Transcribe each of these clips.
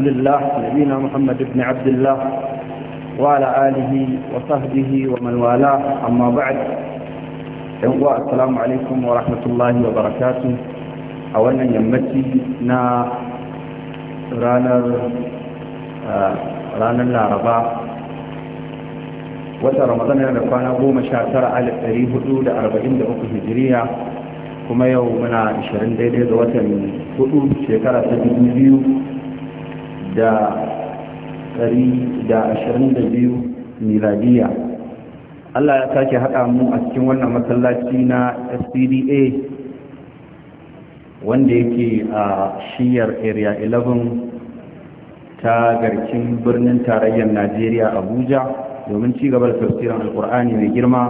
الحمد لله نبينا محمد بن عبد الله وعلى آله وصحبه ومن والاه أما بعد السلام عليكم ورحمة الله وبركاته أولا يمتي نا رانر رانر العرباء وتا رمضان يا رفانا هو مشاعر على التاريخ حدود أربعين دقوق هجرية كما يومنا إشارين ديدي دواتا من حدود شكرا سبيل da 122 miladiya Allah ya sake haɗa mu a cikin wannan masallaci na SPDA wanda yake a shiyar area 11 ta garkin birnin tarayyar Najeriya Abuja domin ci gaba da tafsirin alkur'ani mai girma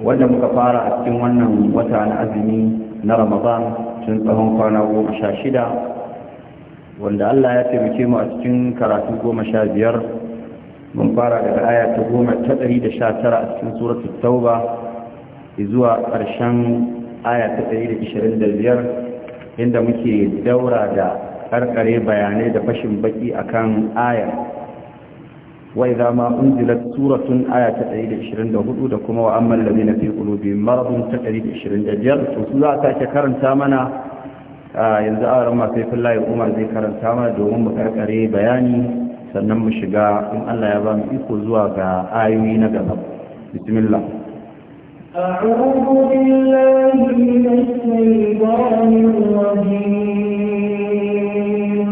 wanda muka fara a cikin wannan wata na azumi na Ramadan tun tsawon kwana goma sha shida wanda Allah ya taimake mu a cikin karatu goma sha biyar mun fara daga aya ta goma ta ɗari da sha tara a cikin suratul tauba zuwa ƙarshen aya ta ɗari da ishirin da biyar inda muke daura da ƙarƙare bayanai da fashin baki akan aya wai za ma unzilat suratun aya ta ɗari da ishirin da hudu da kuma wa'amman lalina fi ƙulubi marabun ta ɗari da ishirin da biyar to su za a sake karanta mana yanzu a ran masu yafin layi umar zai karanta mana domin mu karkare bayani sannan mu shiga in allah ya ba mu iko zuwa ga ayoyi na gaba bismillah أعوذ بالله من الشيطان الرجيم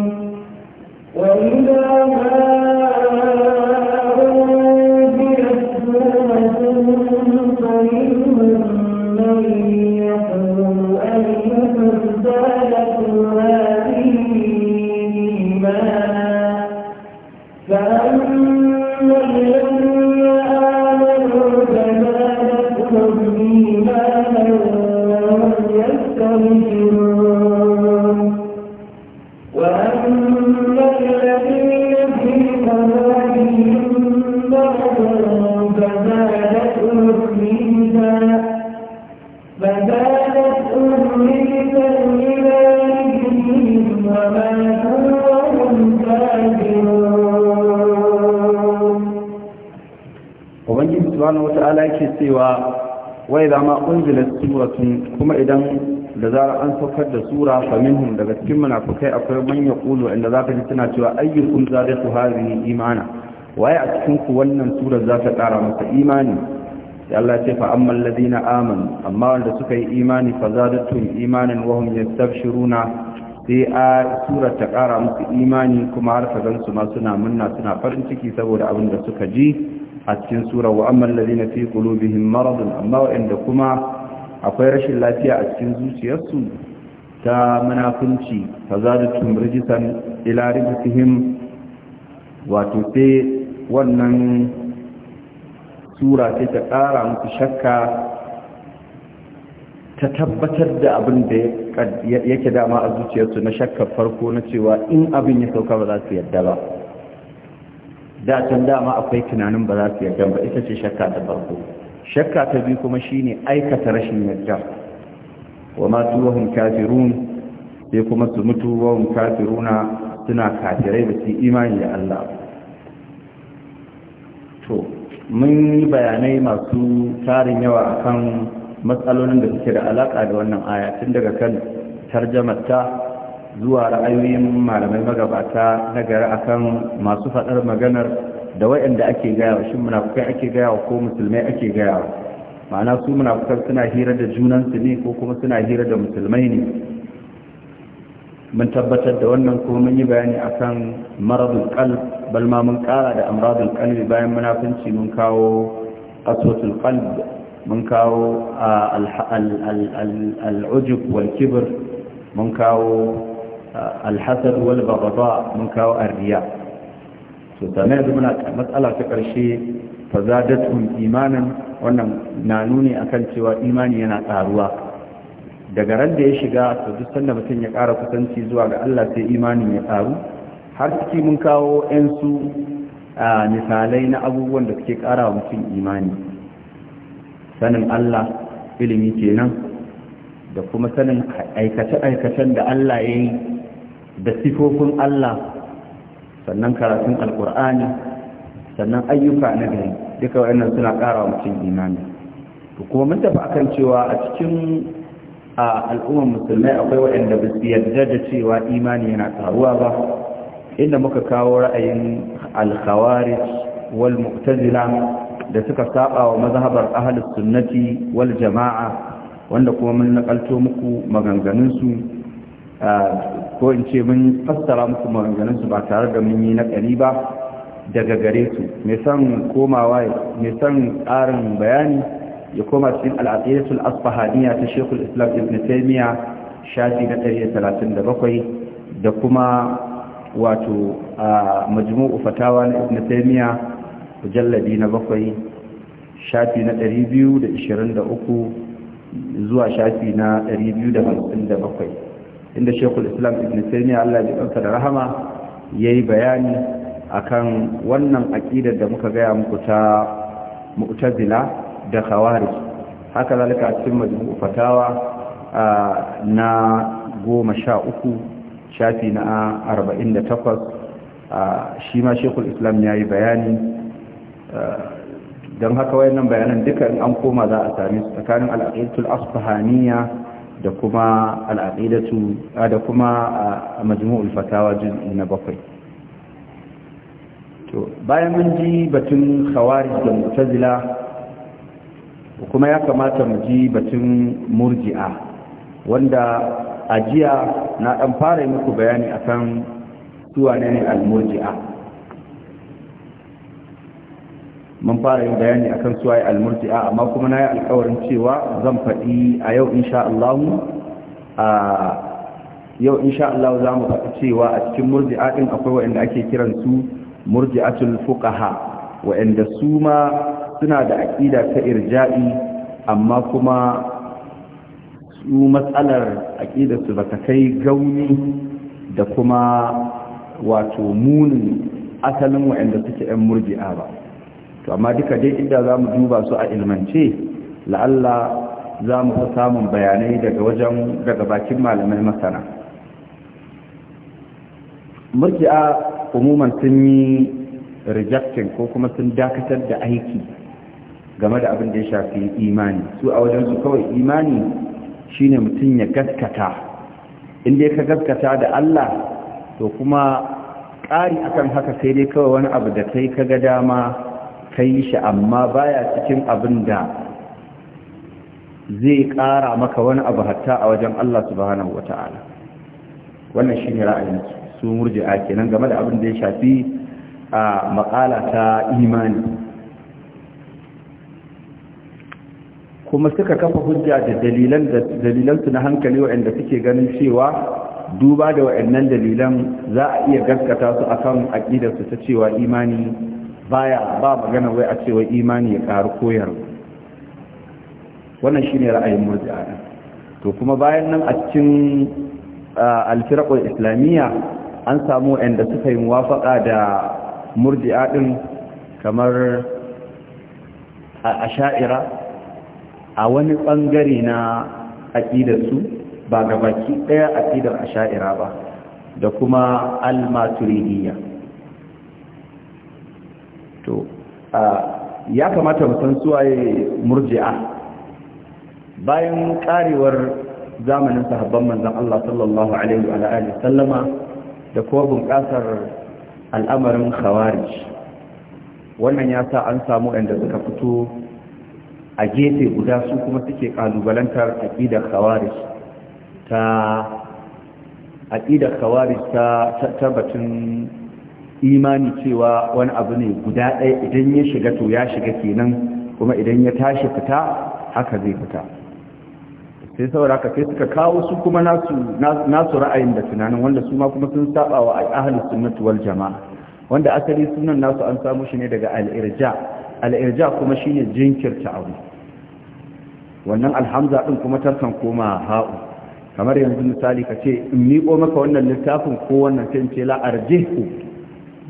cewa wai zama unzilat suratun kuma idan da zara an saukar da sura fa daga cikin munafikai akwai man yaqulu inda zaka ji tana cewa ayyukum zadatu hadhihi imana waye a cikin ku wannan sura za ta kara masa imani sai Allah ce fa ladina amanu amma wanda suka yi imani fa zadatuhum imanan wa hum yastabshiruna sai a sura ta kara musu imani kuma har ka gansu ma suna munna suna farin ciki saboda abin da suka ji a cikin sura wa amma alladhina fi qulubihim maradun amma wa'inda kuma akwai rashin lafiya a cikin zuciyarsu ta munafunci fazadatum rijisan ila wato sai wannan sura sai ta ƙara musu shakka ta tabbatar da abin da yake dama a zuciyarsu na shakkar farko na cewa in abin ya sauka ba za su yadda ba da can dama akwai tunanin ba za su yarda ba ita ce shakka ta farko shakka ta biyu kuma shine aikata rashin yarda wa ma tuwahum kafirun sai kuma su mutu wa kafiruna suna kafirai ba su imani da Allah to mun yi bayanai masu tarin yawa akan matsalolin da suke da alaka da wannan aya tun daga kan tarjamarta zuwa ra'ayoyin malamai magabata na gari akan masu faɗar maganar da wayanda ake gaya wa shi munafukai ake gaya wa ko musulmai ake gaya wa ma'ana su munafukan suna hira da junansu ne ko kuma suna hira da musulmai ne mun tabbatar da wannan kuma mun yi bayani akan maradul qalb balma mun kara da amradul kalbi bayan munafunci mun kawo aswatul qalb mun kawo al'ujub wal kibir mun kawo alhasad wal baghdha mun kawo arriya to sannan yanzu muna matsala ta karshe fazadatum imanin wannan na nuni akan cewa imani yana ƙaruwa daga ran da ya shiga to duk sanda mutum ya ƙara kusanci zuwa ga Allah sai imanin ya karu har ciki mun kawo yansu misalai na abubuwan da suke ƙara wa mutum imani sanin Allah ilimi kenan da kuma sanin aikace-aikacen da Allah ya yi da sifofin Allah sannan karatun alkur'ani sannan ayyuka na gari duka wayannan suna ƙara wa mutum imani to kuma mun tafi akan cewa a cikin al'ummar musulmai akwai waɗanda ba su yarda da cewa imani yana karuwa ba inda muka kawo ra'ayin alkhawarij khawarij wal mu'tazila da suka saba wa mazhabar ahlus sunnati wal jama'a wanda kuma mun nakalto muku maganganun su ko in ce mun fassara musu maganganunsu ba tare da mun yi na ƙari ba daga gare su mai son komawa mai san ƙarin bayani ya koma cikin al'aqidatul asfahaniya ta shekul islam ibn taymiya shafi na 37 da kuma wato a majmu'u fatawa na ibn taymiya mujalladi na bakwai shafi na 223 zuwa shafi na 257 inda shekul islam ibn taymiya Allah ya ɗansa da rahama yi bayani akan wannan aƙidar da muka gaya muku ta mu'tazila da khawarij haka zalika a cikin majmu'u fatawa na goma sha uku shafi na arba'in da takwas shi ma shekul islam ya yi bayani don haka wayannan bayanan duka in an koma za a sami tsakanin al'aqidul asfahaniya da kuma al'aqidatu da kuma majmu'ul fatawa juz'i na bakwai to bayan mun ji batun khawarij da mu'tazila kuma ya kamata mu ji batun murji'a wanda ajiya na dan fara muku bayani akan suwa ne al-murji'a mun fara yin bayani akan suwaye almurti'a amma kuma na yi alkawarin cewa zan faɗi a yau insha Allah a yau insha Allah za mu faɗi cewa a cikin murji'a ɗin akwai waɗanda ake kiran su murji'atul fuqaha waɗanda su ma suna da aƙida ta irja'i amma kuma su matsalar aƙidar su baka kai gauni da kuma wato munin asalin waɗanda suke 'yan murji'a ba to amma duka dai inda za mu duba su a ilmance la'alla za mu fi samun bayanai daga wajen daga bakin malamai masana a umuman sun yi rejection ko kuma sun dakatar da aiki game da abin da ya shafi imani su a wajen su kawai imani shine mutum ya gaskata inda ya ka gaskata da Allah to kuma ƙari akan haka sai dai kawai wani abu da kai ka ga dama ka yi shi amma baya cikin abin da zai ƙara maka wani abu hatta a wajen Allah subhanahu wa ta'ala wannan shi ne ra'ayin su murji'a kenan game da abin da ya shafi a maƙala ta imani kuma suka kafa hujja da dalilan da dalilansu na hankali waɗanda suke ganin cewa duba da waɗannan dalilan za a iya gaskata su akan su ta cewa imani baya ba magana wai a ce imani ya ƙaru koyar wannan shine ra'ayin murji'a to kuma bayan nan a cikin alfirqul islamiyya an samu inda suka yi muwafaqa da murji'a din kamar a a wani bangare na aqidarsu ba gabaki daya aqidar asha'ira ba da kuma al-maturidiyya to ya kamata mu san suwaye murji'a bayan karewar zamanin sahabban manzon Allah sallallahu alaihi wa alihi sallama da kuma bunƙasar al'amarin khawarij wannan ya sa an samu inda suka fito a gefe guda su kuma suke ƙalubalantar aqidar khawarij ta aqidar khawarij ta tabbatin imani cewa wani abu ne guda ɗaya idan ya shiga to ya shiga kenan kuma idan ya tashi fita haka zai fita sai saboda ka sai suka kawo su kuma nasu ra'ayin da tunanin wanda su ma kuma sun saba wa ahlus sunnati wal jama'a wanda asali sunan nasu an samu shi ne daga al-irja al-irja kuma shine jinkirta abu wannan alhamza din kuma tarkan koma ha'u kamar yanzu misali ka ce, in miƙo maka wannan littafin ko wannan sai ce la arjihu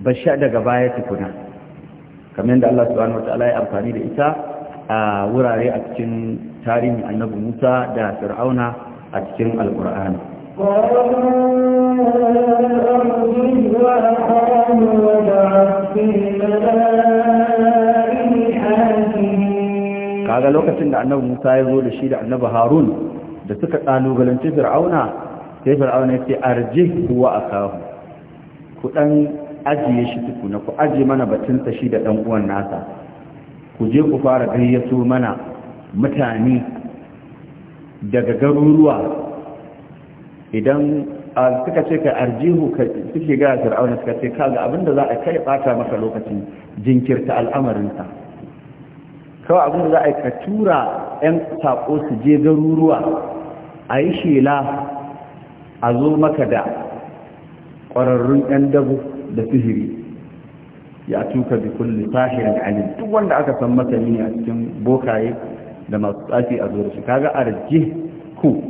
bashi daga baya tukuna kamar yadda Allah subhanahu wataala ya amfani da ita a wurare a cikin tarihin annabi Musa da Fir'auna a cikin Al-Qur'ani kaga lokacin da annabi Musa ya zo da shi da annabi Harun da suka kalubalanci Fir'auna sai Fir'auna ya ce arjih huwa akahu ku dan ajiye shi na ku ajiye mana batunsa shi da ɗan uwan nasa ku je ku fara gayyato mana mutane daga garuruwa idan suka ce ka arjihu suke gaya fir'auna suka ce kaga abinda za a kai bata maka lokacin jinkirta al'amarinsa kawai abinda za a ka tura 'yan saƙo su je garuruwa a yi shela a zo maka da ƙwararrun 'yan dabu da sihiri ya tuka bi kulli sahirin alim duk wanda aka san masani ne a cikin bokaye da masu tsafi a zuwa shi kaga arjih ku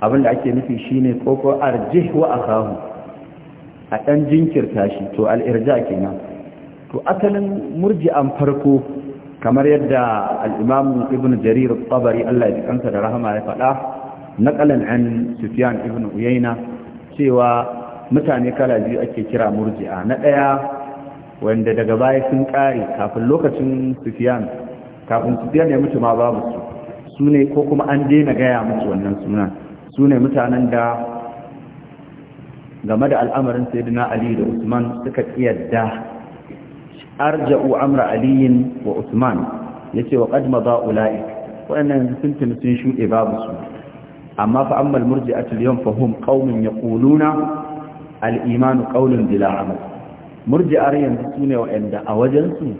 abin da ake nufi shine koko arjih wa akahu a dan jinkirta shi to al-irja kenan to asalin murji'an farko kamar yadda al-imam ibn jarir at-tabari Allah ya kansa da rahama ya faɗa naqalan an sufyan ibnu uyayna cewa mutane kala biyu ake kira murji'a na ɗaya wanda daga baya sun ƙare kafin lokacin sufiyan kafin sufiyan ya mutu ma babu su su ne ko kuma an daina gaya mutu wannan sunan su ne mutanen da game da al'amarin sayyidina ali da usman suka kiyarda arja'u amra aliyin wa usman yace wa qad madha ulai wa'annan sun tuni sun shude babu su amma fa ammal murji'atul yawm fa hum qaumun yaquluna al'imanu ƙaunin bila amal murji'ar yanzu su ne wa'anda a wajensu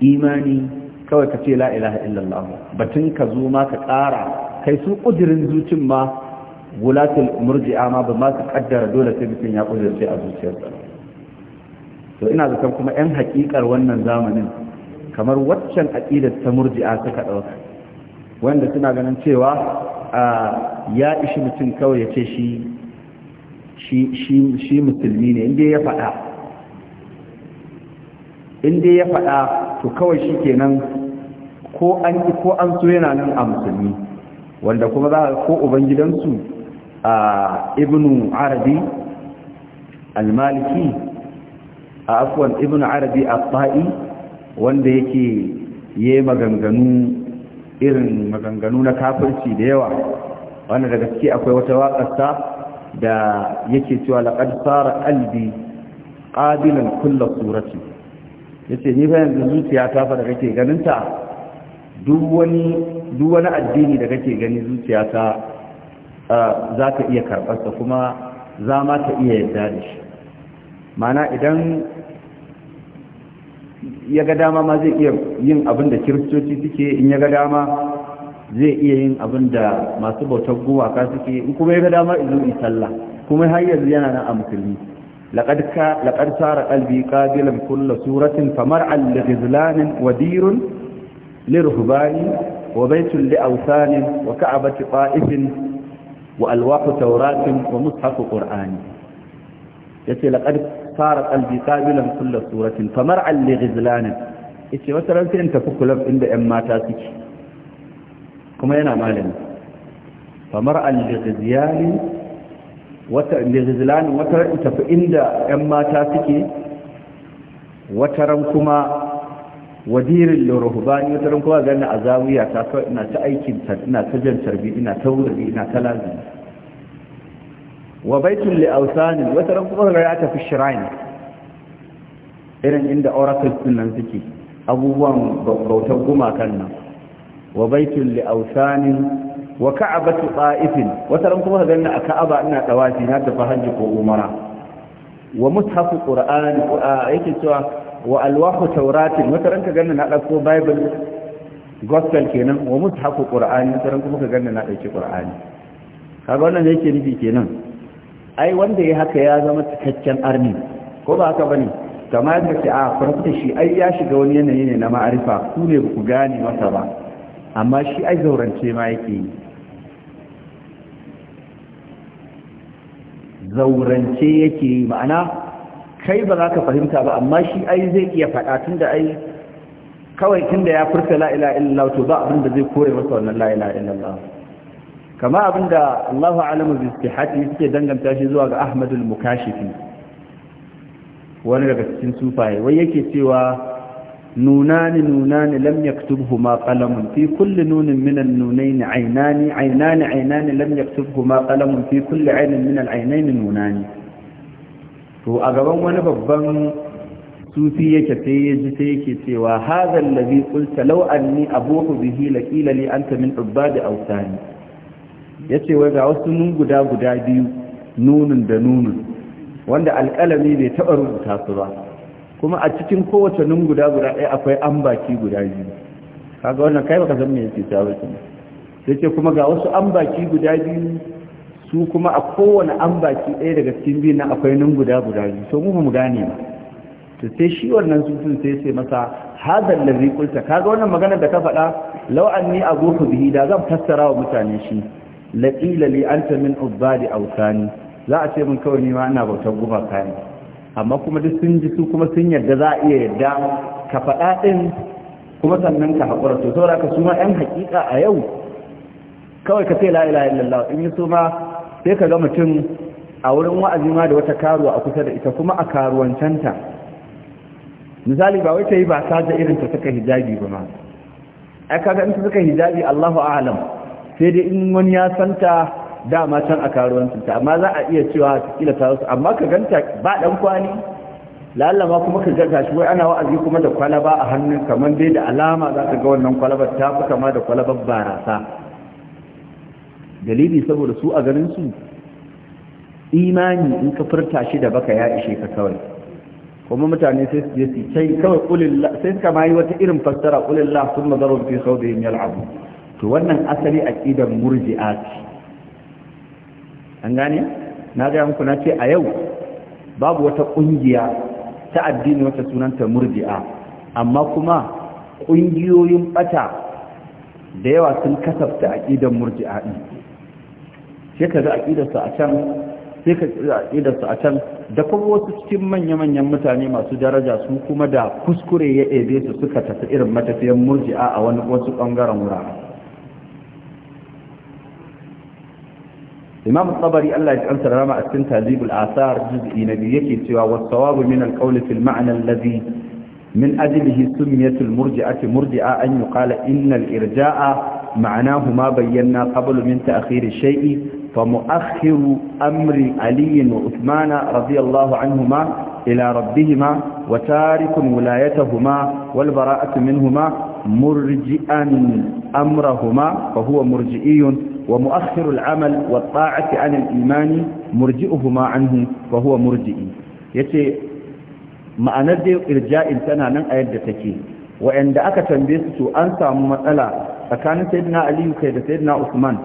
imani kawai ka ce la ilaha illallah batun ka zo ma ka ƙara kai su ƙudirin zucin ma gulatul murji'a ma ba ma ka ƙaddara dole sai mutum ya ƙudirce a zuciyarsa to ina zaton kuma 'yan haƙiƙar wannan zamanin kamar waccan aƙidar ta murji'a suka ɗauka wanda suna ganin cewa ah, ya ishi mutum kawai ya ce shi shi musulmi ne inda ya faɗa inda ya faɗa to kawai shi kenan ko an ko an so yana nan a musulmi wanda kuma za a ko ubangidansu a ibnu arabi al-maliki a afuwan ibnu arabi a tai wanda yake yi maganganu irin maganganu na kafirci da yawa wanda da gaske akwai wata waƙarsa da yake cewa laqad sara albi qabilan kullu surati yace ni fa yanzu zuciya ta fara kake ganin ta duk wani addini da kake gani zuciya ta za ta iya karɓar kuma za ma ta iya yarda da shi mana idan ya ga dama ma zai iya yin abin da kiristoci suke in ya ga dama zai iya yin abin da masu bautar gowaka suke in kuma ya ga dama izo in sallah kuma har yanzu yana nan a musulmi laqad ka laqad sara qalbi qabilan kull suratin famar'an li ghizlan wa dirun li ruhbani wa baytun li awthan wa ka'bati qa'ifin wa alwaqu tawratin wa mushafu qur'ani yace laqad sara qalbi qabilan kull suratin famar'an li ghizlan yace wata ran sai in tafi inda yan mata suke kuma yana malami famar al-ghazlani wata al-ghazlani wata tafi inda ƴan mata suke wata ran kuma wadirin lurhubani wataran kuma ganin a zawiya ta kawai ina ta aikin ina ta jan tarbi ina ta wuri ina ta lazimi wa baitun li'ausani wataran kuma ga ya tafi shrine irin inda oracles din nan suke abubuwan bautar gumakan nan wa baitun li awsanin wa ka'abatu qa'ifin wata ran kuma ganna a ka'aba ina tawafi na tafi hajji ko umara wa mushafu qur'ani yake cewa wa alwahu na gospel kenan wa mushafu qur'ani wata kuma ka ganna na dauki qur'ani kaga wannan yake nufi kenan ai wanda ya haka ya zama cikakken arni ko ba haka bane kamar yadda ce a ah, farko shi ai ya shiga wani yanayi ne na ma'arifa ku ne ku gane masa ba amma shi ai zaurance ma yake yi zaurance yake yi ma'ana kai ba za ka fahimta ba amma shi ai zai iya faɗa tun da ai kawai tun da ya furta la'ila illallah to ba abin da zai kore masa wannan la'ila illallah kama abin da Allahu alamu bistihati suke danganta shi zuwa ga Ahmadul Mukashifi wani daga cikin sufaye wai yake cewa نونان نونان لم يكتبهما قلم في كل نون من النونين عينان عينان عينان لم يكتبهما قلم في كل عين من العينين نونان to a gaban wani babban sufi yake sai ya ji sai yake cewa hadha allazi qulta law anni abuhu bihi laqila li anta min ubadi awsani yace wai ga wasu nun guda guda biyu nunun da nunun wanda alƙalami bai taɓa rubuta su ba kuma a cikin kowace nun guda guda ɗaya akwai ambaki guda biyu kaga wannan kai baka san me yake ta shi sai ce kuma ga wasu ambaki guda biyu su kuma a kowane ambaki ɗaya daga cikin biyu nan akwai nun guda guda biyu so mu mu gane ba to sai shi wannan sun sai sai masa hada ladhi kulta kaga wannan magana da ka faɗa law anni abuku bihi da zan fassara wa mutane shi laqila li anta min ubadi awsani za a ce min kawai ni ma ina bautar guba kayan amma kuma duk sun ji su kuma sun yarda za a iya yarda ka faɗa ɗin kuma sannan ka haƙura to saboda ka suma ɗan haƙiƙa a yau kawai ka ce la'ila ilaha illallah in yi suma sai ka ga mutum a wurin wa'azi ma da wata karuwa a kusa da ita kuma a karuwancanta misali ba wai ta yi ba ta da irin ta saka hijabi ba ma ai kaga in ta saka hijabi Allahu a'lam sai dai in wani ya santa dama can a karuwancin ta amma za a iya cewa kila ta wasu amma ka ganta ba dan kwani lallama kuma ka ganta shi wai ana wa'azi kuma da kwalaba a hannun kamar dai da alama za ka ga wannan kwalabar ta fi kama da kwalabar barasa dalili saboda su a ganin su imani in ka furta shi da baka ya ishe ka kawai kuma mutane sai su je su kai kawai kulillah sai suka ma yi wata irin fassara kulillah sun mazarar fi sau da yin yal'abu to wannan asali aqidar murji'a an gane na gaya muku na ce a yau babu wata ƙungiya ta addini wata sunanta murji'a amma kuma ƙungiyoyin ɓata da yawa sun kasafta aƙidan murji'a ɗin sai ka ga a can sai ka a can da kuma wasu cikin manya-manyan mutane masu daraja su kuma da kuskure ya ebe su suka tafi irin matafiyan murji'a a wani wasu ɓangaren wurare imam tabari Allah ya ansa rama a cikin tazibul asar juz'i na biyu yake cewa was-sawabu min al-qawli fil ma'na alladhi min ajlihi sumiyat al-murji'ati murji'a an yuqala inna al-irja'a ma'nahu ma bayyana qablu min ta'khir ash-shay'i fa mu'akhkhiru amri Ali wa Uthman radiyallahu anhuma ila rabbihima wa tarikun wilayatahuma wal bara'atu minhuma murji'an أمرهما فهو مرجئي ومؤخر العمل والطاعة عن الإيمان مرجئهما عنه فهو مرجئي يتي معنى دي إرجاء تنا نن أيد تكي وإن دعك تنبيسه أنسى ممثلة فكان سيدنا علي كيد سيدنا عثمان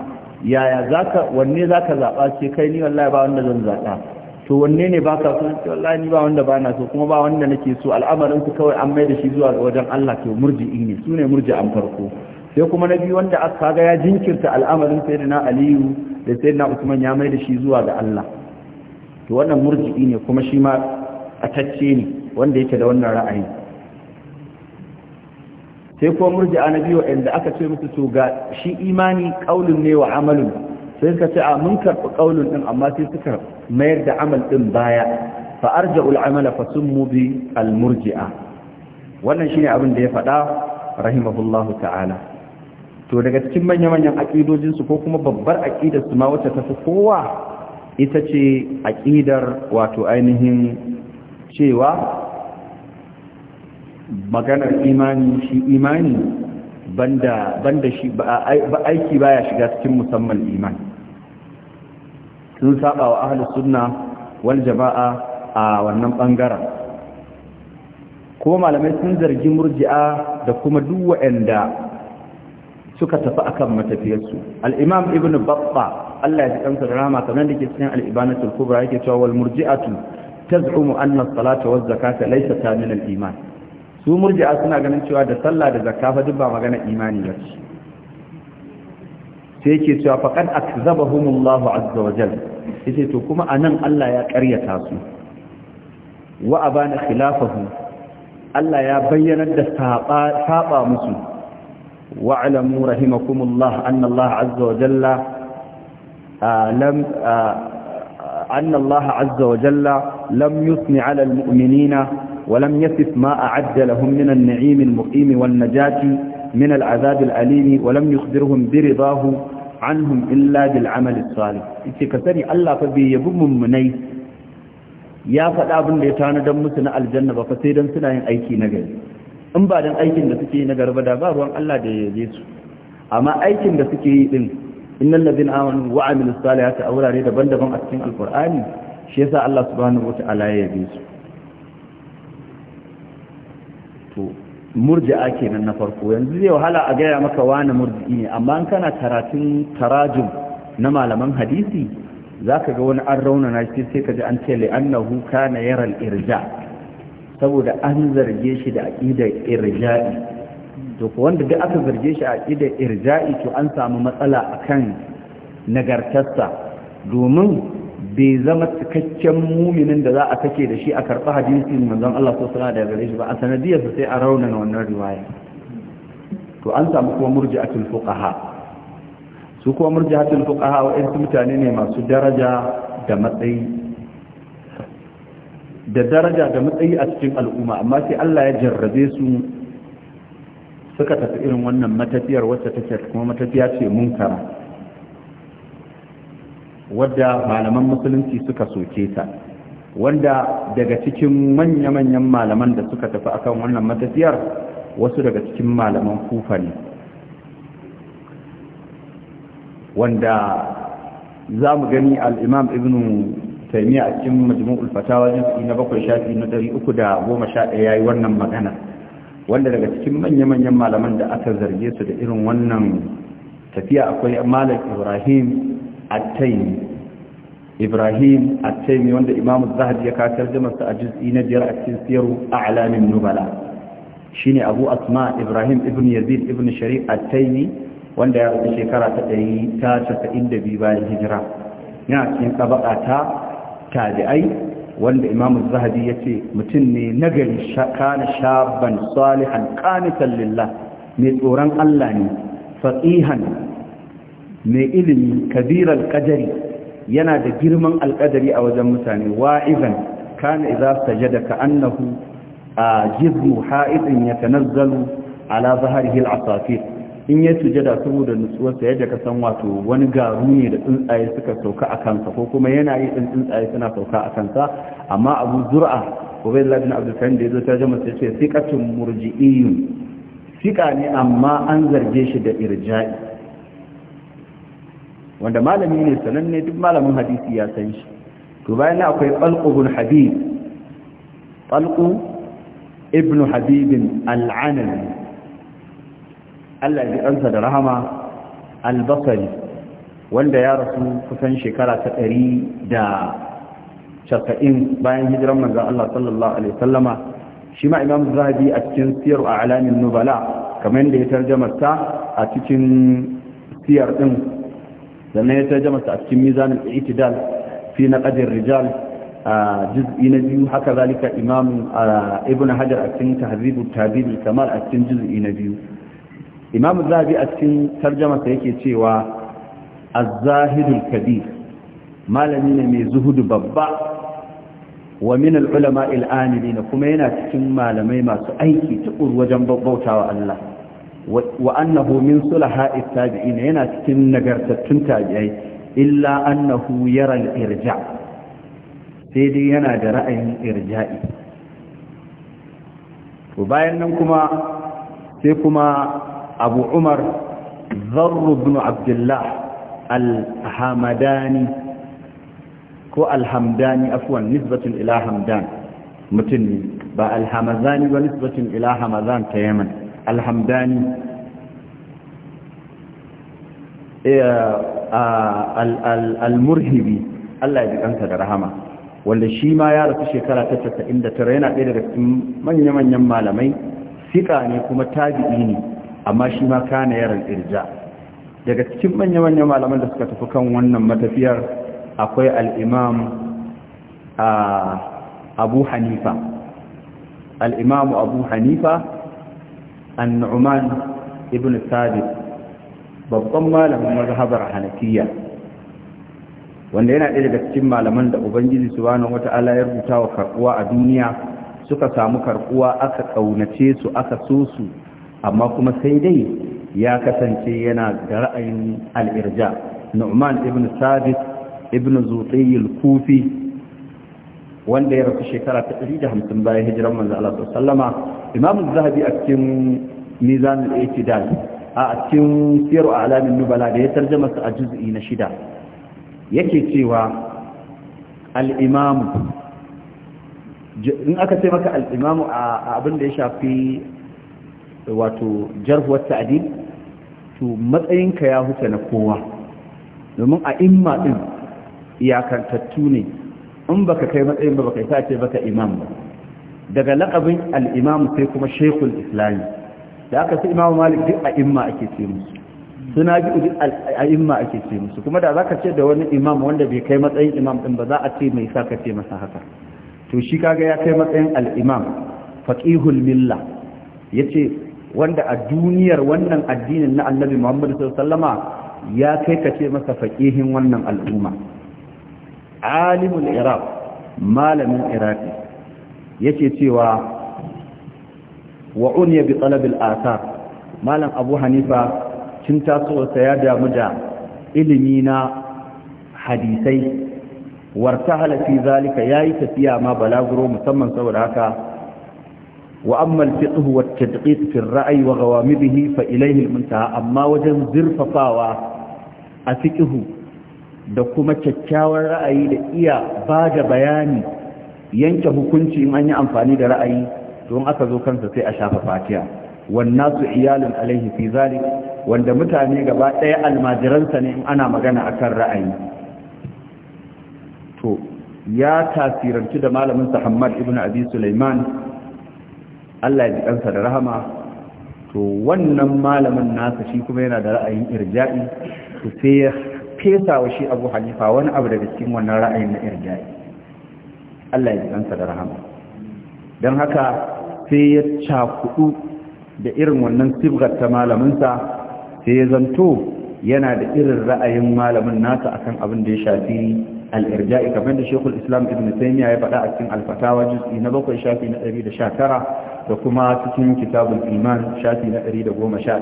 يا يا ذاك wanne zaka zaba ce kai ni wallahi ba wanda zan to wanne ne baka so wallahi ni ba wanda bana so kuma ba wanda nake so al'amarin ku kawai an mai da shi zuwa wajen Allah to murji'i ne sune murji'an farko sai kuma na biyu wanda aka ga ya jinkirta al'amarin na aliyu da na usman ya mai da shi zuwa ga Allah to wannan murji'i ne kuma shi ma atacce ne wanda yake da wannan ra'ayi sai kuma murji'a na biyu inda aka ce musu to ga shi imani ƙaunin ne wa amalun sai suka ce a mun karɓi ƙaunin ɗin, amma sai suka mayar da amal ɗin baya fa arja'ul amala fa summu bi al murji'a wannan shine abin da ya faɗa rahimahullahu ta'ala to daga cikin manya-manyan aƙidojinsu ko kuma babbar su ma wacce ta fi kowa ita ce aƙidar wato ainihin cewa maganar imani shi imani banda, banda shi ba aiki baya shiga cikin musamman imani sun saba wa ahalus sunna wal jama'a a wannan bangaren kuma malamai sun zargi murji'a da kuma duk waɗanda suka tafi akan matafiyarsu al-imam ibn batta Allah ya kansa da rama kamar da ke cikin al-ibanatul kubra yake cewa wal murji'atu taz'umu anna as-salata waz zakata laysa min al-iman su murji'a suna ganin cewa da sallah da zakka fa duk ba magana imani ba ce sai yake cewa faqad akzabahumullahu azza wa jalla yace to kuma anan Allah ya karyata su wa abana khilafahu Allah ya bayyana da saba musu واعلموا رحمكم الله أن الله عز وجل لم أن الله عز وجل لم يثن على المؤمنين ولم يصف ما أعد لهم من النعيم المقيم والنجاة من العذاب الأليم ولم يخبرهم برضاه عنهم إلا بالعمل الصالح كسني الله فبي يبم مني يا فدا abin da ya tanadar musu na aljanna ba fa sai dan suna yin aiki na gari in ba dan aikin da suke yi na garba da ba ruwan Allah da ya yaje su amma aikin da suke yi din innal ladina amanu wa amilus salihati a wurare daban-daban a cikin alqur'ani shi yasa Allah subhanahu wata'ala ya yaje su to murji'a kenan na farko yanzu zai wahala a gaya maka wani murji'i ne amma in kana karatun tarajum na malaman hadisi zaka ga wani an raunana shi sai ka ji an ce li'annahu kana yara al-irja' saboda an zarge shi da aqidar irja'i to ko wanda duk aka zarge shi a aqidar irja'i to an samu matsala akan nagartarsa domin bai zama cikakken muminin da za a kace da shi a karɓi hadisin manzon Allah sallallahu alaihi da gare shi ba a sanadiyarsa sai a raunana wannan riwaya to an samu kuma murji'atul fuqaha su kuma murji'atul fuqaha wa'in mutane ne masu daraja da matsayi da daraja da matsayi a cikin al'umma amma sai Allah ya jarrabe su suka tafi irin wannan matafiyar wacce take kuma matafiya ce munkara wadda malaman musulunci suka soke ta wanda daga cikin manya-manyan malaman da suka tafi akan wannan matafiyar wasu daga cikin malaman kufa ne wanda za mu gani al'imam ibnu taimiyya a cikin majmu'ul fatawa juz'i na bakwai shafi na ɗari uku da goma sha ɗaya ya yi wannan magana wanda daga cikin manya-manyan malaman da aka zarge su da irin wannan tafiya akwai malam ibrahim attaimi ibrahim attaimi wanda imamu zahabi ya kakar jamarsa a juz'i na biyar a cikin siyaru a alamin nubala shine abu asma ibrahim ibn yazid ibn sharif attaimi wanda ya rufe shekara ta ɗari ta casa'in da biyu bayan hijira yana cikin tabaka ta tabi'ai wanda imamu zahabi ya ce mutum ne nagari kana shaban salihan kanitan lillah mai tsoron allah ne faqihan mai ilimi kabiral qadari yana da girman alkadari a wajen mutane wa'izan kana idza sajada ka annahu a jizmu ha'idin yatanazzalu ala zahrihi al-asafir in ya sujada saboda nutsuwarsa yadda ka san wato wani garu ne da tsuntsaye suka sauka a kansa ko kuma yana yi din tsuntsaye suna sauka a kansa amma abu zur'a bai ibn abdul karim da zo ta jama sai ce siqatun murji'iyun siqa ne amma an zarge shi da irja'i wanda malami ne sananne duk malamin hadisi ya san shi to bayan na akwai qalqu habib qalqu ibn Habibin al'anani Allah ya ɗansa da rahama albasari wanda ya rasu kusan shekara ta ɗari da casa'in bayan hijiran manzan Allah sallallahu alaihi sallama shi ma imam zahabi a cikin siyar a alamin nubala kamar yadda ya tarjama ta a cikin siyar ɗin sannan ya tarjama a cikin mizanin itidal fi na ƙadir rijal a juz'i na biyu haka zalika imam ibn hajar a cikin tahzibut tabi'il kamar a cikin juz'i na biyu imam zabi a cikin tarjamasa yake cewa az kabir malami ne mai zuhudu babba wa min al-ulama al kuma yana cikin malamai masu aiki tukur wajen bautawa Allah wa annahu min sulaha'i tabi'in yana cikin nagartattun tabi'ai illa annahu yara al-irja sai dai yana da ra'ayin irja'i to bayan nan kuma sai kuma abu umar zarru bin abdullah alhamadani ko alhamdani afuwan nisbatun ila hamdan mutum ne ba alhamazani ba nisbatun ila hamazan ta yaman alhamdani al-murhibi Allah ya ji kansa da rahama wanda shi ma ya rasu shekara ta 99 yana ɗaya daga cikin manya-manyan malamai siƙa ne kuma tabi'i ne amma shi ma kana yaran irja daga cikin manya manya malaman da suka tafi kan wannan matafiyar akwai al'imam abu hanifa al'imamu abu hanifa annu'uman ibn sabit babban malamin mazhabar hanafiya wanda yana ɗaya daga cikin malaman da ubangiji wata wata'ala ya rubuta wa karkuwa a duniya suka samu karkuwa aka ƙaunace su aka so su amma kuma sai dai ya kasance yana da ra'ayin al'irja nu'man ibn sabit ibn zutai al-kufi wanda ya rasu shekara ta 150 bayan hijiran manzo Allah sallama imam zahabi a cikin mizan al-i'tidal a cikin siyar alamin nubala da ya tarjama sa a juz'i na shida yake cewa al-imam in aka ce maka al-imam a abin da ya shafi wato jarhuwar ta'adil to matsayinka ya huta na kowa domin a imma din iyakantattu ne in baka kai matsayin ba baka sace baka imam ba daga laqabin al-imam sai kuma shaykhul islam da aka sai imam malik duk a imma ake ce musu suna bi duk a imma ake ce musu kuma da zaka ce da wani imam wanda bai kai matsayin imam din ba za a ce mai saka ce masa haka to shi kaga ya kai matsayin al-imam faqihul milla yace wanda a duniyar wannan addinin na annabi muhammadu sallama ya kai ka ce masa faƙihin wannan al'umma alimul iraq malamin iraki yake cewa wa uniya bi talabil asar malam abu hanifa cin tasowarsa ya damu da ilimi na hadisai warta halafi zalika ya yi tafiya ma balaguro musamman saboda haka وأما الفقه والتدقيق في الرأي وغوامضه فإليه المنتهى أما وجن زرف فاوى أفقه دكما تتشاوى الرأي لإيا باج بياني ينكه كنت إن أن يأنفاني لرأي ثم أتذو كان ستي أشاف فاتيا والناس عيال عليه في ذلك وأن متعني قبات أي الماجران سنين أنا مغانا أكار رأي تو يا تاثيرا كده مالا من محمد ابن أبي سليمان Allah ya ji ɗansa da rahama to wannan malamin nasa shi kuma yana da ra'ayin irja'i to sai ya fesa wa shi Abu Hanifa wani abu daga cikin wannan ra'ayin na irja'i Allah ya ji ɗansa da rahama don haka sai ya cakudu da irin wannan sibgar ta malaminsa sai ya zanto yana da irin ra'ayin malamin nasa akan abin da ya shafi الإرجاء كمان شيخ الإسلام ابن تيمية يبقى أكتن الفتاوى جزء نبقى شافي نأريد شاكرة وكما تكن كتاب الإيمان شافي نأريد وما شاء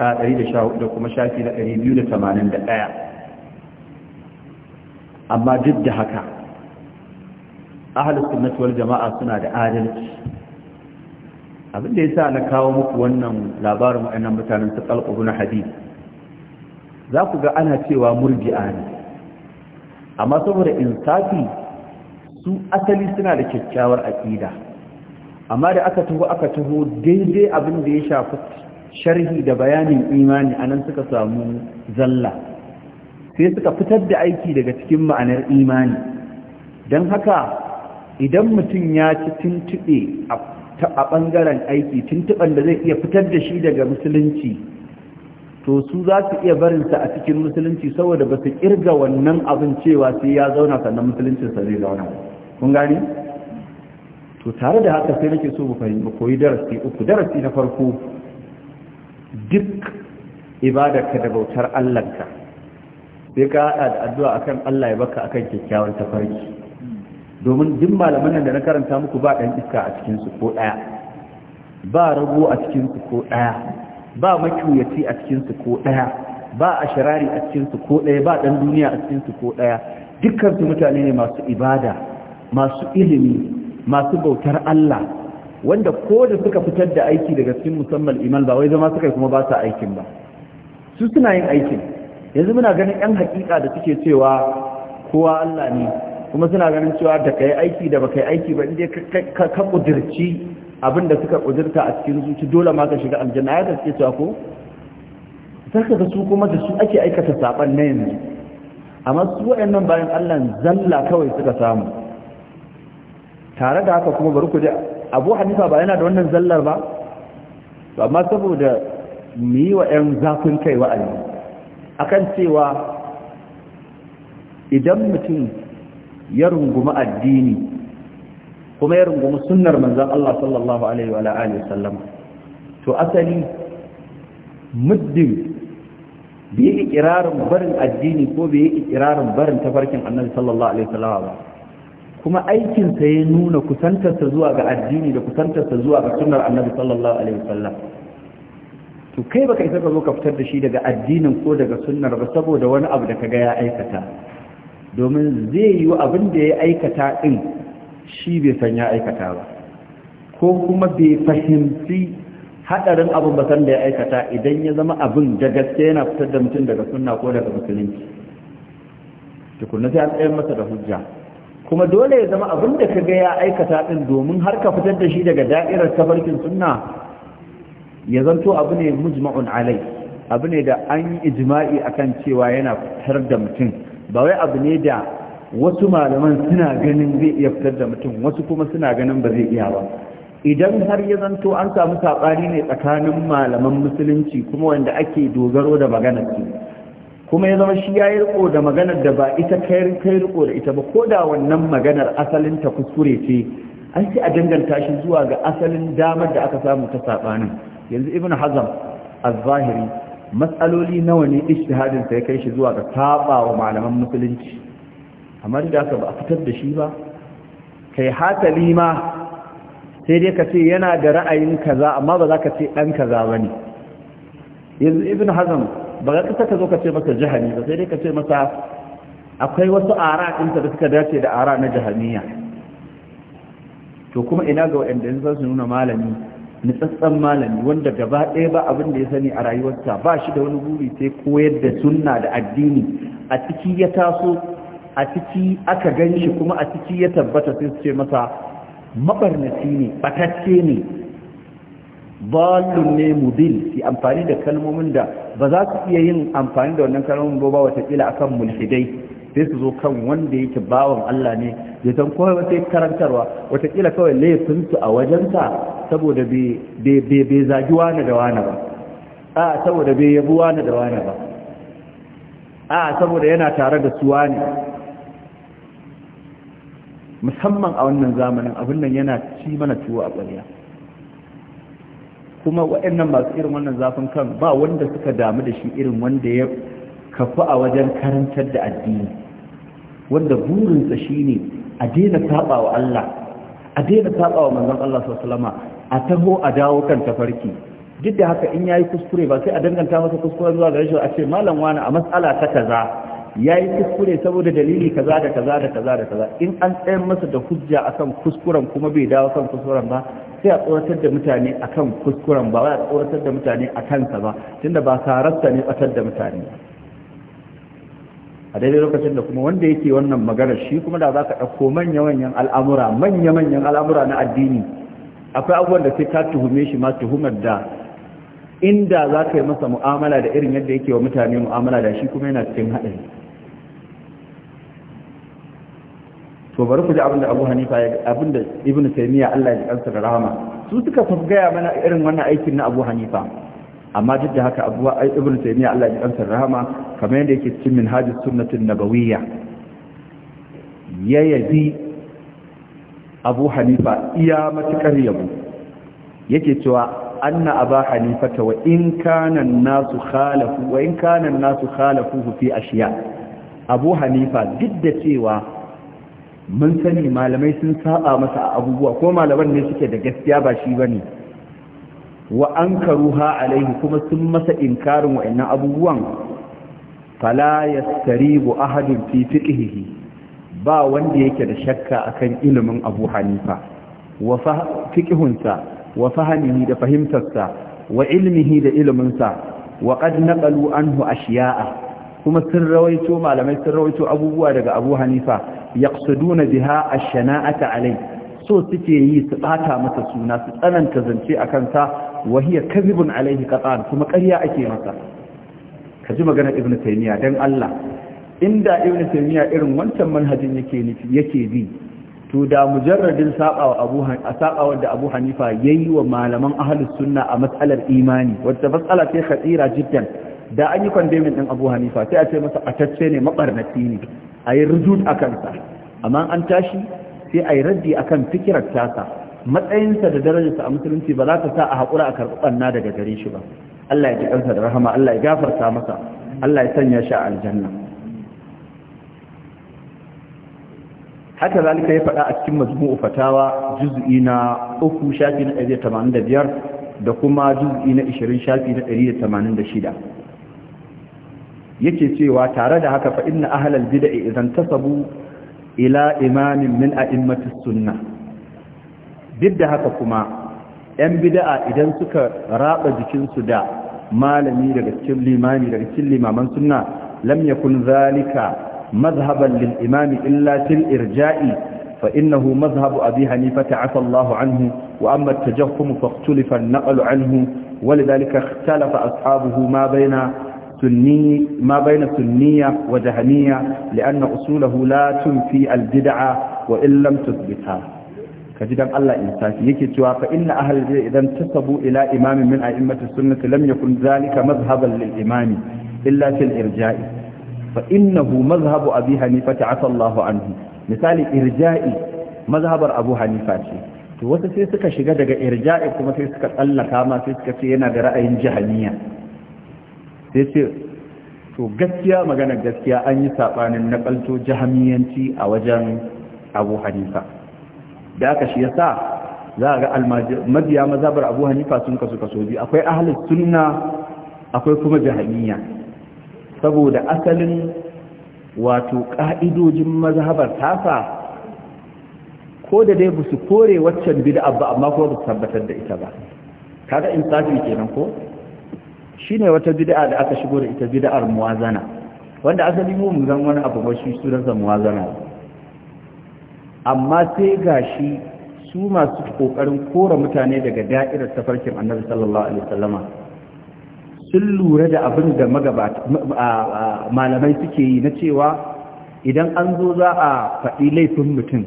أريد شاهد وكما شافي نأريد يولى ثمانين دقاء آية. أما جد هكا أهل السنة والجماعة سنة عادل abin da ya sa na kawo muku wannan labarin wa'annan mutanen su kalƙubu na hadith za ku ga ana cewa murji'a ne amma saboda insafi su asali suna da kyakkyawar aƙida amma da aka taho aka taho daidai abin da ya shafi sharhi da bayanin imani a nan suka samu zalla sai suka fitar da aiki daga cikin ma'anar imani don haka idan mutum ya ci tuntuɓe a ɓangaren aiki tuntuɓen da zai iya fitar da shi daga musulunci to su za su iya barinsa a cikin musulunci saboda ba su kirga wannan abin cewa sai ya zauna sannan musuluncinsa zai zauna kun gani to tare da haka sai nake so mu fahimta koyi darasi uku darasi na farko duk ibada ka da bautar allah ka sai ka haɗa da addu'a akan Allah ya baka akan kyakkyawan tafarki domin duk malaman da na karanta muku ba ɗan iska a cikinsu ko ɗaya ba rago a cikinsu ko ɗaya ba macuyaci a cikinsu ko ɗaya ba a shirari a cikinsu ko ɗaya ba ɗan duniya a cikinsu ko ɗaya dukkansu mutane ne masu ibada masu ilimi masu bautar Allah wanda ko da suka fitar da aiki daga cikin musamman iman ba wai zama suka kuma ba sa aikin ba su suna yin aikin yanzu muna ganin yan hakika da suke cewa kowa Allah ne kuma suna ganin cewa da kai aiki da baka aiki ba inda ka kudurci abin da suka kudurta a cikin zuci dole ma ka shiga aljanna ya gaske cewa ko sai ka su kuma da su ake aikata saban na yanzu amma su wayannan bayan Allah zalla kawai suka samu tare da haka kuma bari ku ji Abu Hanifa ba yana da wannan zallar ba to amma saboda mu yi wa ƴan zafin kai wa'azi akan cewa idan mutum ya runguma addini kuma ya rungumi sunnar manzon Allah sallallahu alaihi wa alihi sallam to asali muddin bai yi ikirarin barin addini ko bai yi ikirarin barin tafarkin annabi sallallahu alaihi wasallam ba kuma aikin sa ya nuna kusantarsa zuwa ga addini da kusantarsa zuwa ga sunnar annabi sallallahu alaihi wasallam to kai baka isa ka zo ka fitar da shi daga addinin ko daga sunnar ba saboda wani abu da kaga ya aikata domin zai yi abin da ya aikata din shi bai san ya aikata ba ko kuma bai fahimci hadarin abin ba san da ya aikata idan ya zama abin da gaske yana fitar da mutum daga sunna ko daga musulunci tukunna sai an tsayar masa da hujja kuma dole ya zama abin da ka ga ya aikata din domin har ka fitar da shi daga da'irar tafarkin sunna ya zanto abu ne mujma'un alai abu ne da an yi ijma'i akan cewa yana fitar da mutum ba wai abu ne da wasu malaman suna ganin zai iya fitar da mutum wasu kuma suna ganin ba zai iya ba idan har ya zanto an samu saɓani ne tsakanin malaman musulunci kuma wanda ake dogaro da maganar su kuma ya zama shi ya yi riko da maganar da ba ita kai kai riko da ita ba ko da wannan maganar asalin ta kuskure ce an sai a danganta shi zuwa ga asalin damar da aka samu ta saɓanin yanzu ibn hazam az-zahiri matsaloli nawa ne ishtihadin sa ya kai shi zuwa ga saɓa wa malaman musulunci amma da aka ba a fitar da shi ba kai hatali ma sai dai ka ce yana da ra'ayin kaza amma ba za ka ce ɗan kaza ba ne yanzu ibn hazan ba ka ka zo ka ce masa jihani ba sai dai ka ce masa akwai wasu ara ɗinsa da suka dace da ara na jihaniya to kuma ina ga waɗanda yanzu za su nuna malami tsatsan malami wanda gaba ɗaya ba abin da ya sani a rayuwarsa ba shi da wani buri sai koyar da sunna da addini a ciki ya taso a ciki aka gan shi kuma a ciki ya tabbata sai su ce masa mabarnaci ne batacce ne balun ne mudil su amfani da kalmomin da ba za su iya yin amfani da wannan kalmomin ba ba watakila akan mulhidai sai su zo kan wanda yake bawan Allah ne ya zan kawai wata karantarwa watakila kawai laifinsu a wajensa saboda bai zagi wani da wani ba a saboda bai yabi wani da wani ba a saboda yana tare da suwa ne musamman a wannan zamanin abin nan yana ci mana tuwo a ƙwarya kuma waɗannan masu irin wannan zafin kan ba wanda suka damu da shi irin wanda ya kafu a wajen karantar da addini wanda burinsa ne a daina saba wa Allah a daina saba wa manzon Allah sallallahu a taho a dawo kan tafarki duk da haka in yayi kuskure ba sai a danganta masa kuskuren zuwa gare shi a ce malam wani a matsala ta kaza Ya yi kuskure saboda dalili kaza da kaza da kaza da kaza in an tsayar masa da hujja akan kuskuren kuma bai dawo kan kuskuren ba sai a tsoratar da mutane akan kuskuren ba wai a tsoratar da mutane a kansa ba tunda ba sararsa ne batar da mutane a daidai lokacin da kuma wanda yake wannan magana shi kuma da za ka ɗauko manya-manyan al'amura manya-manyan al'amura na addini akwai abubuwan da sai ka tuhume shi ma tuhumar da inda za ka yi masa mu'amala da irin yadda yake wa mutane mu'amala da shi kuma yana cikin haɗari to bari ku ji da Abu Hanifa ya abinda Ibn Taymiyyah Allah ya kansa da rahama su suka fi gaya mana irin wannan aikin na Abu Hanifa amma duk da haka Abu Ibn Taymiyyah Allah ya kansa da rahama kamar yadda yake cikin Minhajus Sunnatun Nabawiyya ya yabi Abu Hanifa iya matukar yabo yake cewa anna aba hanifata wa in kana nasu khalafu wa in kana nasu khalafuhu fi ashiya abu hanifa duk da cewa mun sani malamai sun saba masa a abubuwa ko malaman ne suke da gaskiya ba shi bane wa ankaruha alaihi kuma sun masa inkarin wa'annan abubuwan fala yastaribu ahadun fi fiqhihi ba wanda yake da shakka akan ilimin Abu Hanifa wa fiqhunsa wa fahimihi da fahimtarsa wa ilmihi da iliminsa wa qad naqalu anhu ashiya'a kuma sun rawaito malamai sun rawaito abubuwa daga abu hanifa na biha a shanaata alai so suke yi su bata masa suna su tsananta zance a kansa wahiyar hiya alaihi qatan kuma karya ake masa kaji magana Ibn taymiya dan Allah inda Ibn taymiya irin wancan manhajin yake nufi yake bi to da mujarradin sabawa a sabawa da abu hanifa yayi wa malaman ahlus sunna a matsalar imani wata matsala ce khatira jiddan da an yi kwandemin ɗin abu hanifa sai a ce masa a tacce ne maɓarnaci ne a yi rujut a kansa amma an tashi sai a yi raddi a kan fikirar tasa matsayinsa da darajarsa a musulunci ba za ta sa a haƙura a karɓi ɓanna daga gare shi ba Allah ya ji ƙansa da rahama Allah ya gafarta masa Allah ya sanya shi a aljanna haka zalika ya faɗa a cikin majmu'u fatawa juz'i na uku shafi na ɗari da kuma juz'i na 20 shafi na 186 yake cewa tare da haka fa inna ahlal bid'i idan tasabu ila imamin min a'immatis sunna duk da haka kuma yan bid'a idan suka raba jikinsu da malami daga cikin limami daga cikin limaman sunna lam yakun zalika madhhaban lil imami illa til irja'i fa innahu madhhabu abi hanifa ta'afa Allahu anhu wa amma at-tajahhum fa an-naql anhu ولذلك اختلف أصحابه ما baina. سني ما بين سنية وجهمية لأن أصوله لا تنفي البدعة وإن لم تثبتها كجدا الله إنساتي يكتوا فإن أهل إذا انتسبوا إلى إمام من أئمة السنة لم يكن ذلك مذهبا للإمام إلا في الإرجاء فإنه مذهب أبي حنيفة عفى الله عنه مثال إرجائي مذهب أبو حنيفة to wasu sai suka shiga daga irja'i kuma sai suka tsallaka ma sai suka ce yana da ra'ayin jahaniya sai ce to gaskiya magana gaskiya an yi saɓanin nakalto jahamiyanci a wajen abu hanifa da aka shi ya sa za a ga mabiya mazabar abu hanifa sun kasu kaso biyu akwai ahalin sunna akwai kuma jahamiya saboda asalin wato ƙa'idojin mazhabar tasa ko da dai ba su kore waccan bid'a ba amma kuma ba su tabbatar da ita ba kaga insafi kenan ko shine wata bida'a da aka shigo da ita bida'ar muwazana wanda asali mu mun zan wani abu ba shi sa muwazana amma sai gashi su masu kokarin kora mutane daga da'irar tafarkin annabi sallallahu alaihi wasallama sun lura da abin da malamai suke yi na cewa idan an zo za a faɗi laifin mutum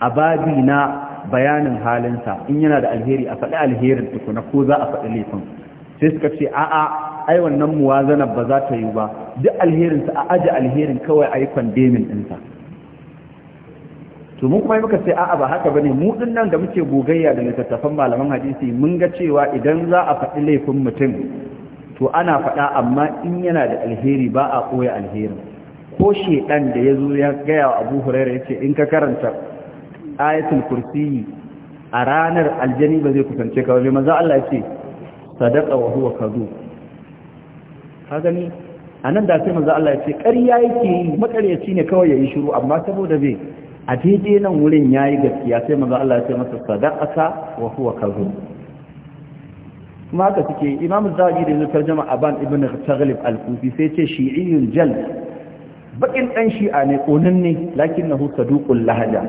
a babi na bayanin halinsa in yana da alheri a faɗi alherin tukuna ko za a faɗi laifin sai suka ce a'a ai wannan muwazana ba za ta yi ba duk alherin sa a aje alherin kawai a yi kwandemin ɗinsa to mun kuma muka ce a'a ba haka bane mu din nan da muke gogayya da littattafan malaman hadisi mun ga cewa idan za a faɗi laifin mutum to ana faɗa amma in yana da alheri ba a koya alherin ko shedan da ya zo ya gaya wa abu huraira ya in ka karanta ayatul kursiyi a ranar aljani ba zai kusance ka ba maza Allah ya ce sadaka wa huwa kazu ka gani a nan da sai manzo Allah ya ce ƙarya yake yi makaryaci ne kawai yayi shiru amma saboda bai a daidai nan wurin yayi gaskiya sai manzo Allah ya ce masa sadaka wa huwa kazu kuma haka suke imam zaji da zai tarjuma aban ibn taghlib al-kufi sai ce shi'iyyun jal bakin dan shi'a ne konin ne lakinnahu saduqul lahaja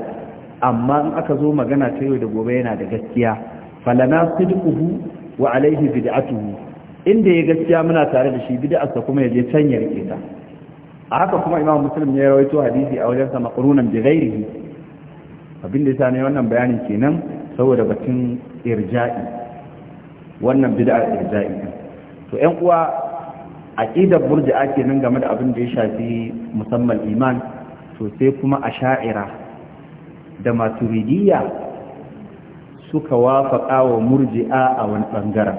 amma in aka zo magana ta yau da gobe yana da gaskiya falana sidquhu wa alaihi bid'atuhu inda ya gaskiya muna tare da shi bid'arsa kuma ya je can ya rike ta a haka kuma imam muslim ya rawaito hadisi a wajen sa maqrunan bi ghairihi abin da ne wannan bayanin kenan saboda batun irja'i wannan bid'ar irja'i to ƴan uwa aqidar burji'a kenan game da abin da ya shafi musamman iman to sai kuma asha'ira da maturidiyya suka wafaƙa wa murji'a a wani ɓangaren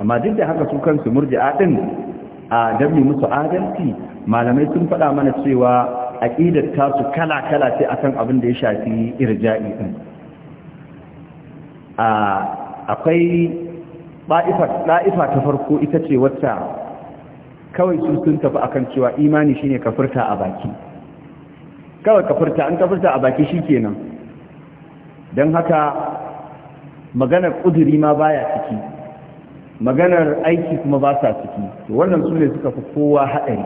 amma duk da haka su kansu murji'a ɗin a dabi musu adalci malamai sun faɗa mana cewa aƙidar tasu kala-kala ce akan abin da ya shafi irja'i ɗin akwai ɗa'ifa ta farko ita ce wata kawai su sun tafi akan cewa imani shine kafirta a baki kawai kafirta an kafirta a baki shikenan don haka maganar ƙuduri ma baya ciki maganar aiki kuma ba sa ciki to wannan su ne suka fi kowa haɗari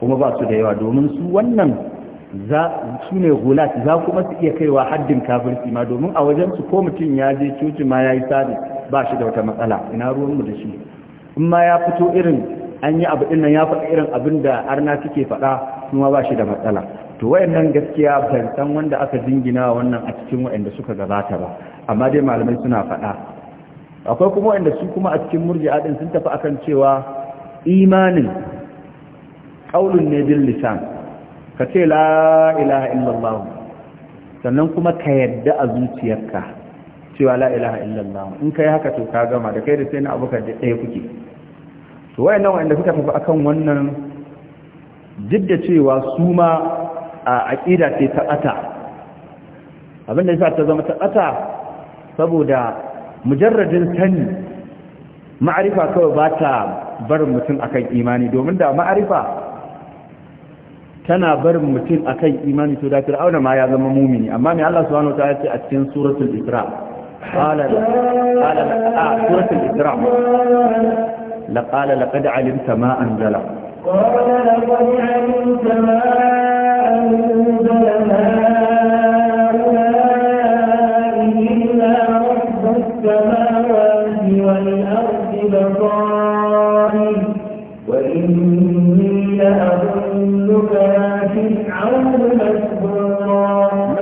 kuma ba su da yawa domin su wannan su ne gulat za kuma su iya kaiwa haddin kafirci ma domin a wajen su ko mutum ya je coci ma ya yi sabi ba shi da wata matsala ina ruwanmu da shi in ma ya fito irin an yi abu ɗin nan ya faɗa irin abin da arna suke faɗa kuma ba shi da matsala to wayannan gaskiya ban san wanda aka dingina wannan a cikin wayanda suka gabata ba amma dai malamai suna faɗa akwai kuma wayanda su kuma a cikin murji'a din sun tafi akan cewa imanin qaulun ne bil lisan ka ce la ilaha illallah sannan kuma ka yadda a zuciyarka cewa la ilaha illallah in kai haka to ka gama da kai da sai na abokan da ɗaya kuke to wayannan wayanda suka tafi akan wannan duk da cewa su ma a aƙida ce ta ƙata. abin da yasa ta zama ta ƙata saboda mujarradin sani ma'arifa kawai ba ta barin mutum akan imani domin da ma'arifa tana bar mutum akan imani to da fir'auna ma ya zama mumini amma mai Allah subhanahu wataala ce a cikin suratul isra qala qala suratul isra ma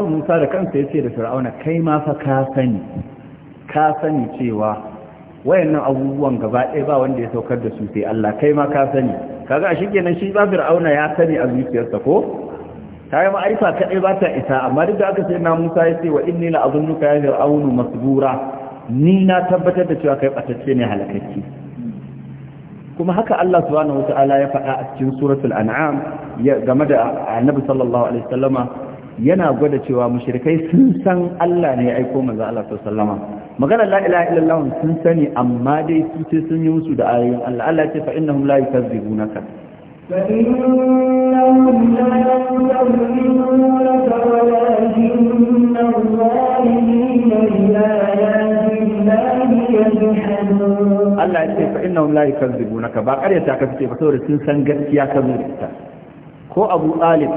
Musa da kansa ya ce da fir'auna kai ma fa ka sani ka sani cewa wayannan abubuwan gaba ɗaya ba wanda ya saukar da su sai Allah kai ma ka sani kaga a kenan shi ba fir'auna ya sani a zuciyarsa ko kaga ma'arifa kaɗai ba ta isa amma duk da aka sai na Musa ya ce wa inni la azunnuka ya fir'aunu masbura ni na tabbatar da cewa kai batacce ne halakacce kuma haka Allah subhanahu ya faɗa a cikin suratul an'am game da annabi sallallahu alaihi wasallama yana gwada cewa mushrikai sun san Allah ne ya aiko manzo Allah sallama magana la ilaha illallah sun sani amma dai su ce sun yi musu da ayoyin Allah Allah ya ce fa innahum la yukazzibunaka فإنهم لا يستغفرون ولكن الظالمين بآيات الله يجحدون Allah ya ce fa innahum la yukazzibunaka ba ƙaryata ka fice ba saboda sun san gaskiya ta zo ita ko Abu Talib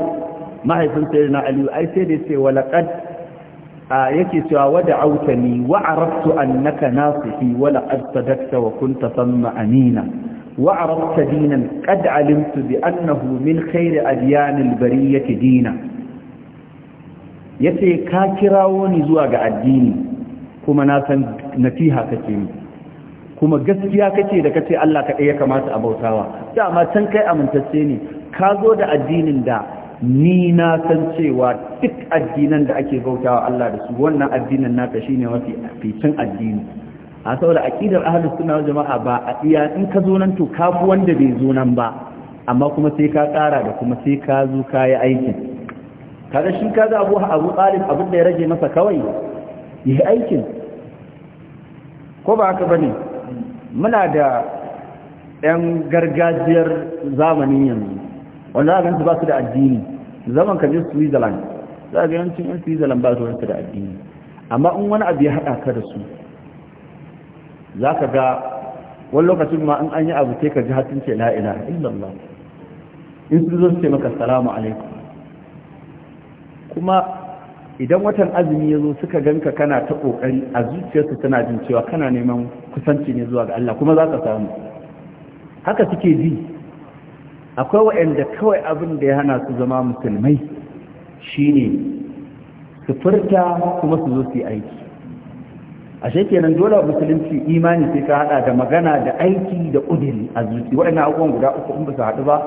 mahaifin sayyidina Ali ai sai da yace walaqad yake cewa wada'awtani wa araftu annaka nasihi wa laqad sadaqta wa kunta samma amina وعرفت دينا قد علمت بأنه من خير أديان البرية دينا يتي كاكراوني زواج الدين كما ناسا نتيها كتير kuma gaskiya kake da kace Allah kaɗai ya kamata a bautawa Da matan kai amintacce ne ka zo da addinin da ni na san cewa duk addinan da ake bautawa Allah da su wannan addinin naka shine mafi fitin addini a saboda aqidar ahlus sunna wal jama'a ba a iya in ka zo nan to ka bu wanda bai zo nan ba amma kuma sai ka tsara da kuma sai ka zo ka yi aikin kaga shi ka ga abu abu talib abin da ya rage masa kawai yi aikin ko ba haka bane muna da yan gargajiyar zamanin yanzu wanda za gansu ba su da addini zaman ka je switzerland za ga yancin yan switzerland ba su da addini amma in wani abu ya haɗa ka da su za ka ga wani lokacin ma in an yi abu sai ka ji hatin ce la illallah in sun zo su ce maka salamu alaikum kuma idan watan azumi ya zo suka ganka kana ta kokari a zuciyarsu tana jin cewa kana neman kusanci ne zuwa ga Allah kuma za ka samu haka suke ji akwai waɗanda kawai abin da ya hana su zama musulmai shine su furta kuma su zo su yi aiki ashe kenan dole musulunci imani sai ka hada da magana da aiki da kudiri a zuci waɗannan abubuwan guda uku in ba su haɗu ba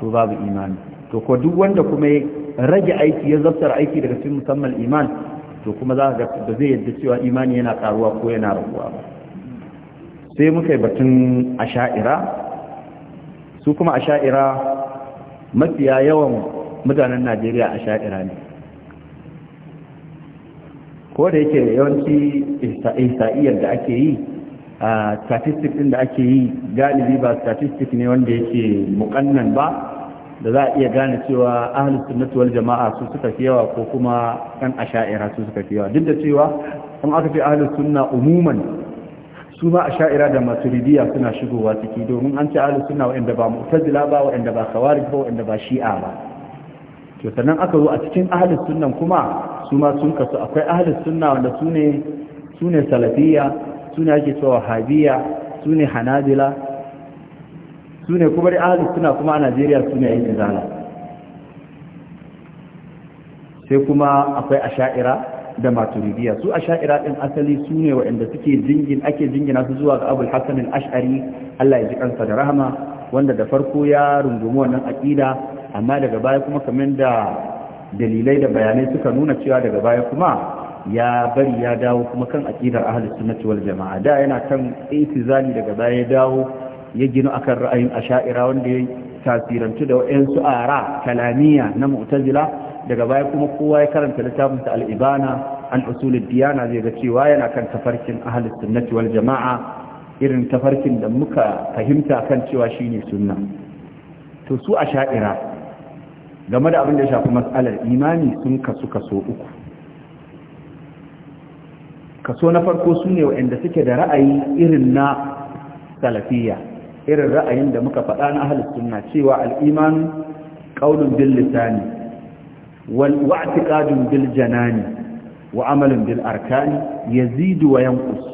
to babu imani to ko duk wanda kuma ya rage aiki ya zabtar aiki daga cikin musamman iman to kuma za ga da zai yadda cewa imani yana karuwa ko yana raguwa ba sai muka yi batun asha'ira su kuma asha'ira mafiya yawan mutanen najeriya asha'ira ne ko da yake yawanci ihsa'iyyar da ake yi a ɗin din da ake yi galibi ba statistics ne wanda yake mukannan ba da za a iya gane cewa ahlus sunnati jama'a su suka fi yawa ko kuma kan asha'ira su suka fi yawa duk da cewa an aka fi ahlus sunna umuman su ma asha'ira da maturidiyya suna shigowa ciki domin an ce ahlus sunna wa'anda ba mu'tazila ba wa'anda ba khawarij ba wa'anda ba shi'a ba to sannan aka zo a cikin ahlus sunan kuma su ma sun kasu akwai ahlus suna wanda su ne salafiya, su ne ake cewa habiya, su ne hanabila su ne kuma da ahlus sunna kuma a Najeriya su ne yin izala sai kuma akwai asha'ira da maturidiyya su asha'ira din asali su ne waɗanda suke jingin ake jingina su zuwa ga abul hasan al-ash'ari Allah ya ji kansa da rahama wanda da farko ya rungumi wannan aqida amma daga baya kuma kamar da dalilai da bayanai suka nuna cewa daga baya kuma ya bari ya dawo kuma kan aqidar ahlus sunnati wal jama'a da yana kan itizali daga baya ya dawo ya gina akan ra'ayin asha'ira wanda ya tasirantu da wayansu ara kalamiya na mu'tazila daga baya kuma kowa ya karanta littafin ta al-ibana an usulul diyana zai ga cewa yana kan tafarkin ahlus sunnati wal jama'a irin tafarkin da muka fahimta kan cewa shine sunna to su asha'ira game da abin da ya shafi matsalar imani sun kasu kaso uku kaso na farko su ne waɗanda suke da ra'ayi irin na salafiya irin ra'ayin da muka faɗa na ahalus sunna cewa al'imanu ƙaunin bil lisani wal bil janani wa bil arkani yazidu wa yanqus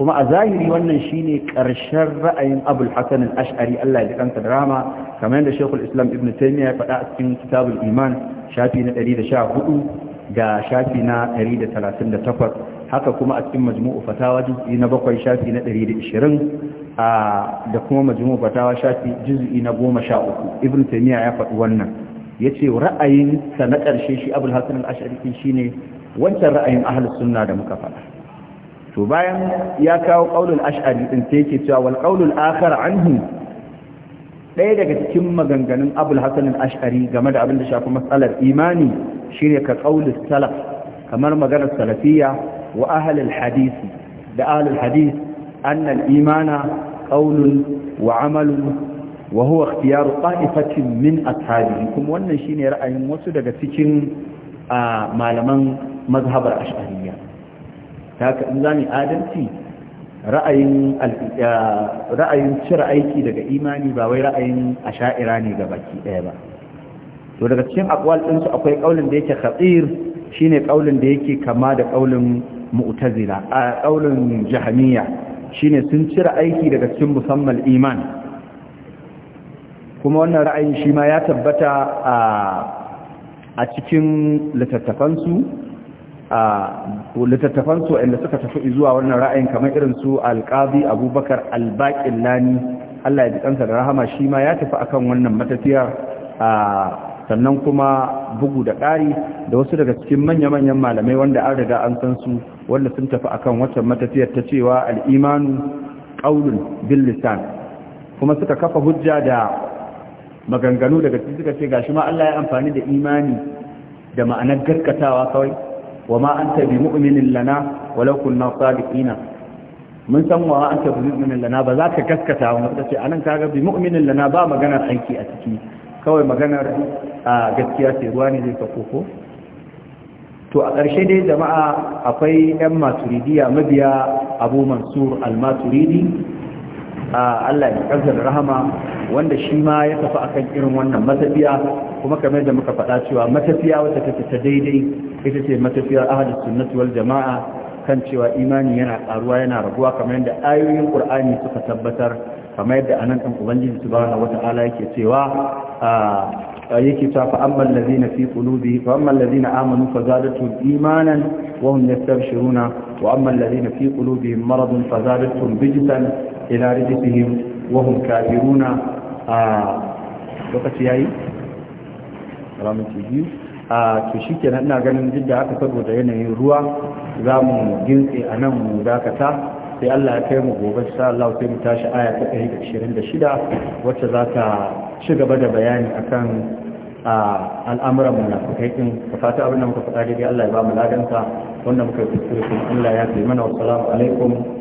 kuma a zahiri wannan shine ƙarshen ra'ayin abul hasan al-ash'ari Allah ya ji kansa da rama kamar yadda shekul islam ibn taymiya ya faɗa a cikin kitabul iman shafi na 114 ga shafi na 138 haka kuma a cikin majmu'u fatawa juz'i na 7 shafi na 120 da kuma majmu'u fatawa shafi juz'i na 13 ibn taymiya ya faɗi wannan Ya ce ra'ayinsa na ƙarshe shi abul hasan al-ash'ari shine wancan ra'ayin ahlus sunna da muka faɗa to bayan ya kawo qaulul ash'ari ɗin sai yake cewa wal qaulul akhar anhu ɗaya daga cikin maganganun abul ashari game da abin da shafi matsalar imani shine ka qaulus salaf kamar maganar salafiyya wa ahlul hadisi da ahlul hadis anna imana qaulun wa amalun wa huwa ikhtiyaru min ashabihi kuma wannan shine ra'ayin wasu daga cikin malaman mazhabar ash'ariyya ta haka in za mu adalci ra'ayin cire aiki daga imani ba wai ra'ayin asha'ira ne ga baki ɗaya ba to daga cikin akwal ɗinsu akwai ƙaulin da yake khatir shine ƙaulin da yake kama da ƙaulin mu'tazila a ƙaulin jahamiya shine sun cire aiki daga cikin musamman iman kuma wannan ra'ayin shi ma ya tabbata a cikin littattafansu a littattafansu inda suka tafi zuwa wannan ra'ayin kamar irin su alqazi abubakar lani Allah ya ji kansa da rahama shi ma ya tafi akan wannan matafiyar sannan kuma bugu da ƙari da wasu daga cikin manya-manyan malamai wanda an riga an san su wanda sun tafi akan wata matafiyar ta cewa al'imanu ƙaunin bil lisan kuma suka kafa hujja da maganganu daga cikin suka ce gashi ma Allah ya amfani da imani da ma'anar gaskatawa kawai wa ma anta bi mu'minin lana walau kunna sadiqina mun san wa anta bi mu'minin lana ba za ka gaskata mu ta ce anan kaga bi mu'minin lana ba maganar aiki a ciki kawai maganar a gaskiya ce ruwa ne zai sako ko to a ƙarshe dai jama'a akwai 'yan maturidiya mabiya abu mansur al-maturidi a allah ya ƙarsar rahama wanda shi ma ya tafi akan irin wannan mazabiya kuma kamar da muka faɗa cewa matafiya wata take ta daidai ita ce matafiyar ahlus sunnati wal jama'a kan cewa imani yana karuwa yana raguwa kamar yadda ayoyin qur'ani suka tabbatar kamar yadda anan kan ubangiji subhanahu wata'ala yake cewa yake cewa fa amma allazina fi qulubi fa amma allazina amanu fa zadatuhum imanan wa hum yastabshiruna wa amma allazina fi qulubihim maradun fa zadatuhum ila wa hum kafiruna lokaci yayi tara minti biyu a to shi kenan ina ganin duk da haka saboda yanayin ruwa za mu gintse a nan mu dakata sai Allah ya kai mu gobe insha Allah sai mu tashi aya ta shida wacce za ta ci gaba da bayani akan al'amuran munafikai din ka fata abin da muka faɗa daidai Allah ya ba mu ladanka wanda muka yi kuskure kuma Allah ya kai mana wassalamu alaikum